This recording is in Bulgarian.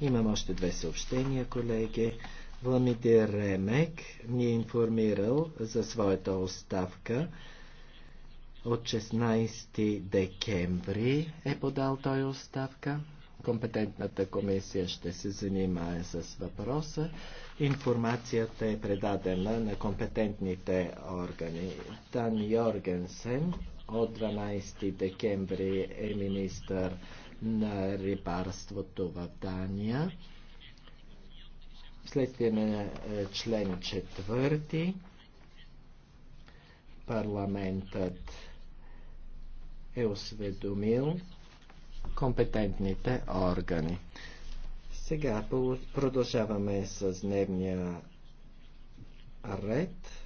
Имам още две съобщения, колеги. Владимир Ремек ни е информирал за своята оставка. От 16 декември е подал той оставка. Компетентната комисия ще се занимае с въпроса. Информацията е предадена на компетентните органи. Тан Йоргенсен от 12 декември е министър на рибарството в Дания. Следствие на е, член 4 парламентът е осведомил компетентните органи. Сега продължаваме с дневния ред.